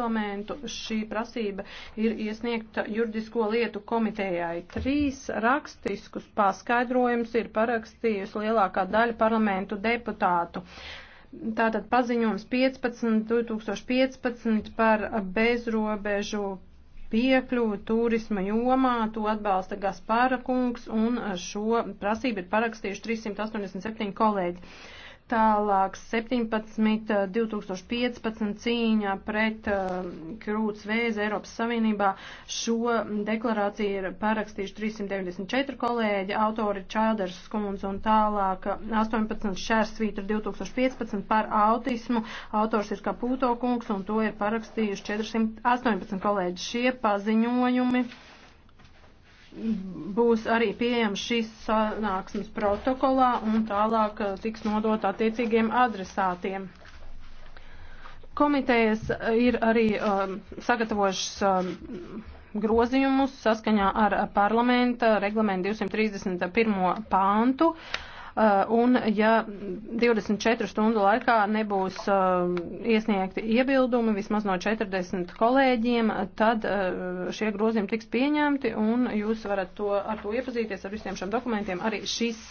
parlamentu šī prasība ir iesniegta juridisko lietu komitejai. Trīs rakstiskus paskaidrojumus ir parakstījusi lielākā daļa parlamentu deputātu. Tātad paziņojums 15, 2015 par bezrobežu piekļuvu turisma jomā, to atbalsta Gaspāra kungs, un šo prasību ir parakstījuši 387 kolēģi. Tālāk 17, 2015 cīņā pret uh, krūts vēzi Eiropas Savienībā. Šo deklarāciju ir parakstījuši 394 kolēģi, autori Čailders skundz un tālāk 18 šērsvītra 2015 par autismu. Autors ir Kaputo kungs un to ir parakstījuši 418 kolēģi. Šie paziņojumi būs arī pieejams šīs sanāksmes protokolā un tālāk eh, tiks nodot attiecīgiem adresātiem. Komitejas eh, ir arī um, sagatavojušas um, grozījumus saskaņā ar parlamenta reglamentu 231. pāntu. Uh, Uh, un ja 24 stundu laikā nebūs uh, iesniegti iebildumi vismaz no 40 kolēģiem, tad uh, šie grozījumi tiks pieņemti un jūs varat to, ar to iepazīties ar visiem šiem dokumentiem arī šīs.